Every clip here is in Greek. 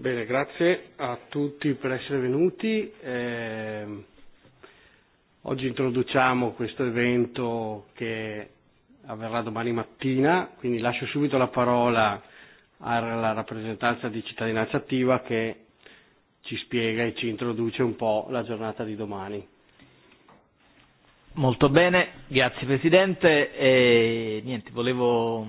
Bene, grazie a tutti per essere venuti. Eh, oggi introduciamo questo evento che avverrà domani mattina, quindi lascio subito la parola alla rappresentanza di Cittadinanza Attiva che ci spiega e ci introduce un po' la giornata di domani. Molto bene, grazie Presidente. E, niente, volevo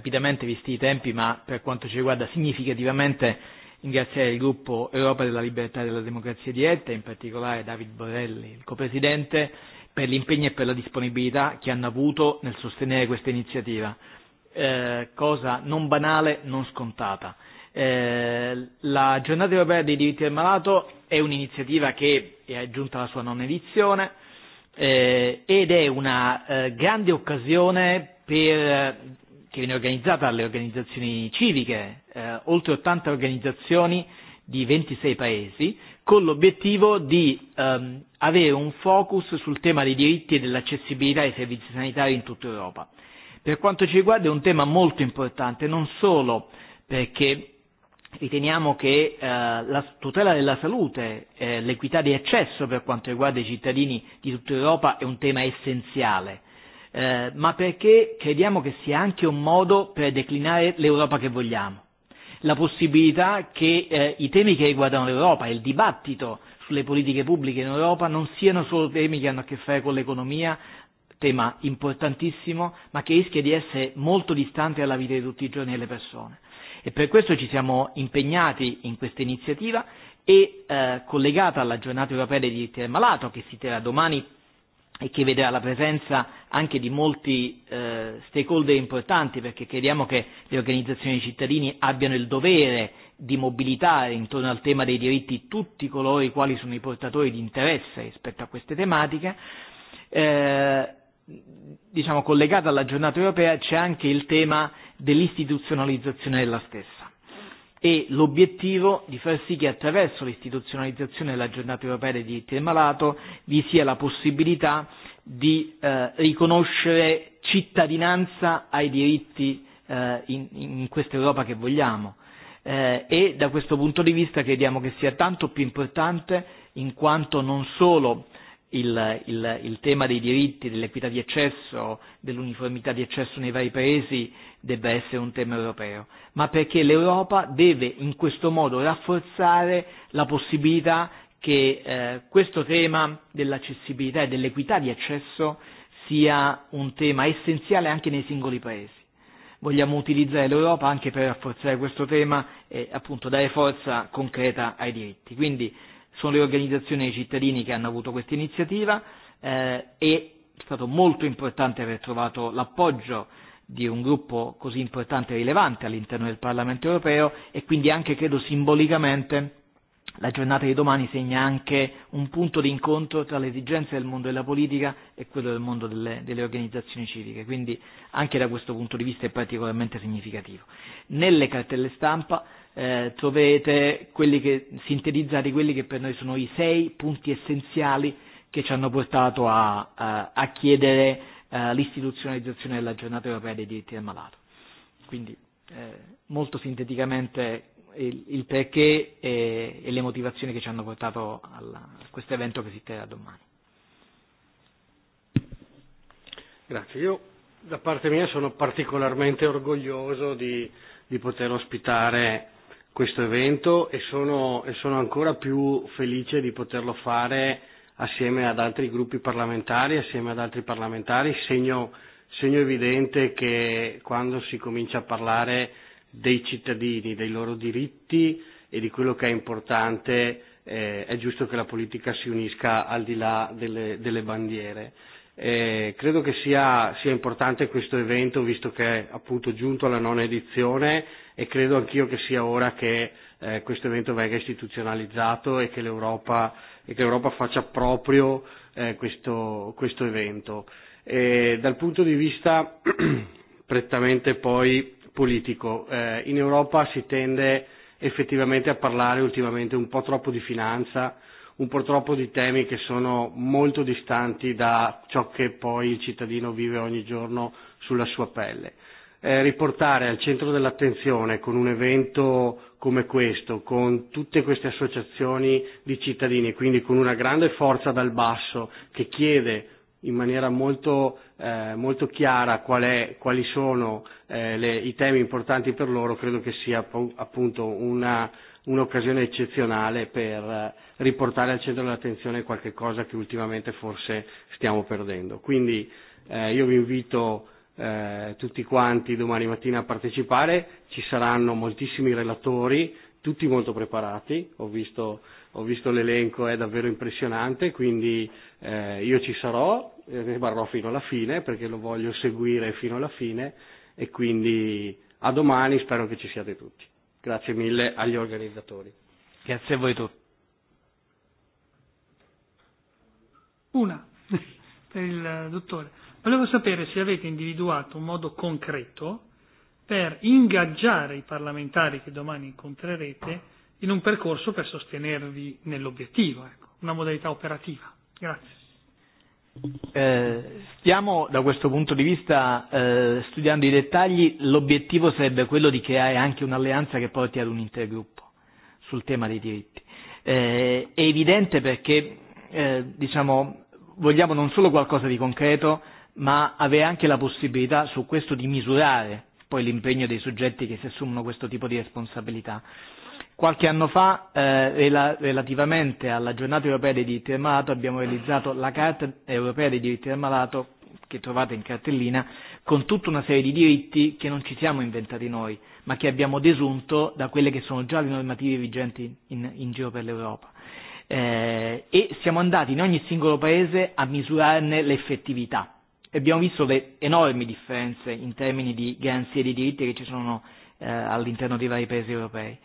rapidamente, visti i tempi, ma per quanto ci riguarda significativamente ringraziare il gruppo Europa della Libertà e della Democrazia Diretta, in particolare David Borelli il copresidente, per l'impegno e per la disponibilità che hanno avuto nel sostenere questa iniziativa, cosa non banale, non scontata. La giornata europea dei diritti del malato è un'iniziativa che è giunta alla sua nona edizione ed è una grande occasione per che viene organizzata dalle organizzazioni civiche, oltre 80 organizzazioni di 26 paesi, con l'obiettivo di avere un focus sul tema dei diritti e dell'accessibilità ai servizi sanitari in tutta Europa. Per quanto ci riguarda è un tema molto importante, non solo perché riteniamo che la tutela della salute, l'equità di accesso per quanto riguarda i cittadini di tutta Europa è un tema essenziale, ma perché crediamo che sia anche un modo per declinare l'Europa che vogliamo. La possibilità che i temi che riguardano l'Europa e il dibattito sulle politiche pubbliche in Europa non siano solo temi che hanno a che fare con l'economia, tema importantissimo, ma che rischia di essere molto distante dalla vita di tutti i giorni delle persone. E per questo ci siamo impegnati in questa iniziativa e collegata alla giornata europea dei diritti del malato, che si terrà domani e che vedrà la presenza anche di molti stakeholder importanti perché crediamo che le organizzazioni dei cittadini abbiano il dovere di mobilitare intorno al tema dei diritti tutti coloro i quali sono i portatori di interesse rispetto a queste tematiche. diciamo collegata alla giornata europea c'è anche il tema dell'istituzionalizzazione della stessa e l'obiettivo di far sì che attraverso l'istituzionalizzazione della giornata europea dei diritti del malato vi sia la possibilità di riconoscere cittadinanza ai diritti in questa Europa che vogliamo e da questo punto di vista crediamo che sia tanto più importante in quanto non solo il, il, il tema dei diritti, dell'equità di accesso, dell'uniformità di accesso nei vari paesi debba essere un tema europeo, ma perché l'Europa deve in questo modo rafforzare la possibilità che questo tema dell'accessibilità e dell'equità di accesso sia un tema essenziale anche nei singoli paesi. Vogliamo utilizzare l'Europa anche per rafforzare questo tema e appunto dare forza concreta ai diritti. Quindi sono le organizzazioni dei cittadini che hanno avuto questa iniziativa e è stato molto importante aver trovato l'appoggio di un gruppo così importante e rilevante all'interno del Parlamento europeo e quindi anche credo simbolicamente la giornata di domani segna anche un punto di incontro tra le esigenze del mondo della politica e quello del mondo delle, delle organizzazioni civiche, quindi anche da questo punto di vista è particolarmente significativo. Nelle cartelle stampa trovate quelli che sintetizzati quelli che per noi sono i sei punti essenziali che ci hanno portato a, a chiedere l'istituzionalizzazione della giornata europea dei diritti del malato. Quindi molto sinteticamente il, il perché e, e le motivazioni che ci hanno portato a questo evento che si terrà domani. Grazie. Io da parte mia sono particolarmente orgoglioso di, di poter ospitare questo evento e sono, e sono ancora più felice di poterlo fare assieme ad altri gruppi parlamentari, assieme ad altri parlamentari, segno, segno evidente che quando si comincia a parlare dei cittadini, dei loro diritti e di quello che è importante è giusto che la politica si unisca al di là delle, delle bandiere. Eh, credo che sia, sia importante questo evento visto che è appunto giunto alla nona edizione e credo anch'io che sia ora che questo evento venga istituzionalizzato e che l'Europa e che l'Europa faccia proprio questo questo evento. E dal punto di vista prettamente poi politico, in Europa si tende effettivamente a parlare ultimamente un po' troppo di finanza, un po' troppo di temi che sono molto distanti da ciò che poi il cittadino vive ogni giorno sulla sua pelle riportare al centro dell'attenzione con un evento come questo, con tutte queste associazioni di cittadini, quindi con una grande forza dal basso che chiede in maniera molto, molto chiara qual è, quali sono le, i temi importanti per loro, credo che sia appunto una, un'occasione eccezionale per riportare al centro dell'attenzione qualche cosa che ultimamente forse stiamo perdendo. Quindi io vi invito tutti quanti domani mattina a partecipare, ci saranno moltissimi relatori, tutti molto preparati, ho visto, ho visto l'elenco, è davvero impressionante, quindi io ci sarò, rimarrò fino alla fine perché lo voglio seguire fino alla fine e quindi a domani spero che ci siate tutti. Grazie mille agli organizzatori. Grazie a voi tutti. Una per il dottore. Volevo sapere se avete individuato un modo concreto per ingaggiare i parlamentari che domani incontrerete in un percorso per sostenervi nell'obiettivo, ecco, una modalità operativa. Grazie. Eh, stiamo da questo punto di vista studiando i dettagli, l'obiettivo sarebbe quello di creare anche un'alleanza che porti ad un intergruppo sul tema dei diritti. Eh, è evidente perché diciamo, vogliamo non solo qualcosa di concreto, ma avere anche la possibilità su questo di misurare poi l'impegno dei soggetti che si assumono questo tipo di responsabilità. Qualche anno fa, relativamente alla giornata europea dei diritti del malato, abbiamo realizzato la Carta europea dei diritti del malato, che trovate in cartellina, con tutta una serie di diritti che non ci siamo inventati noi, ma che abbiamo desunto da quelle che sono già le normative vigenti in giro per l'Europa. E siamo andati in ogni singolo paese a misurarne l'effettività abbiamo visto le enormi differenze in termini di garanzie di diritti che ci sono all'interno dei vari paesi europei.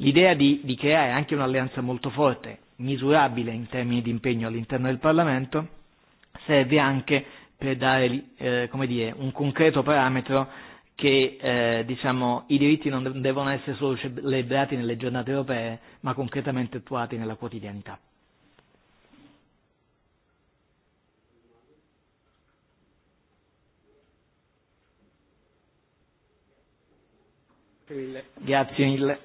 L'idea di, di creare anche un'alleanza molto forte, misurabile in termini di impegno all'interno del Parlamento, serve anche per dare come dire, un concreto parametro che diciamo, i diritti non devono essere solo celebrati nelle giornate europee, ma concretamente attuati nella quotidianità. Ευχαριστώ υילה